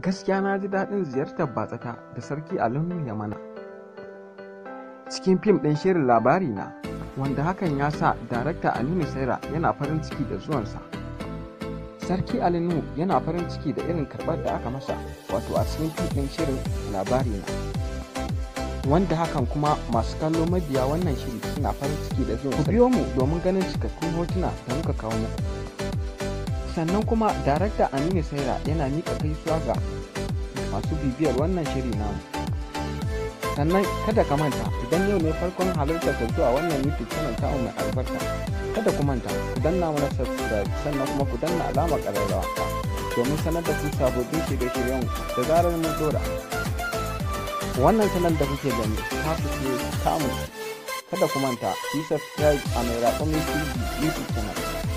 gaskiya na ji daɗin ziyartar batsata da sarki alinu ya mana cikin fim ɗin shirin labari na wanda hakan ya sa darakta alinu saira yana farin ciki da zuwansa sarki alinu yana farin ciki da irin karɓar da aka masa wato a cikin fim ɗin shirin labari na wanda hakan kuma masu kallo mabiya wannan shiri suna farin ciki da zuwansa. ku biyo mu domin ganin cikakkun hotuna da muka kawo muku sannan kuma darakta aminu saira yana miƙa gaisuwa ga masu bibiyar wannan shiri namu sannan kada ka manta idan yau ne farkon halartar ka zuwa wannan youtube channel ta mai albarka kada ku manta ku danna mana subscribe sannan kuma ku danna alamar ƙararrawa domin sanar da ku sabobin shirye-shiryen da zarar mun dora wannan sanar da kuke gani ta kuke kamu kada ku manta ku subscribe a mai raƙon youtube channel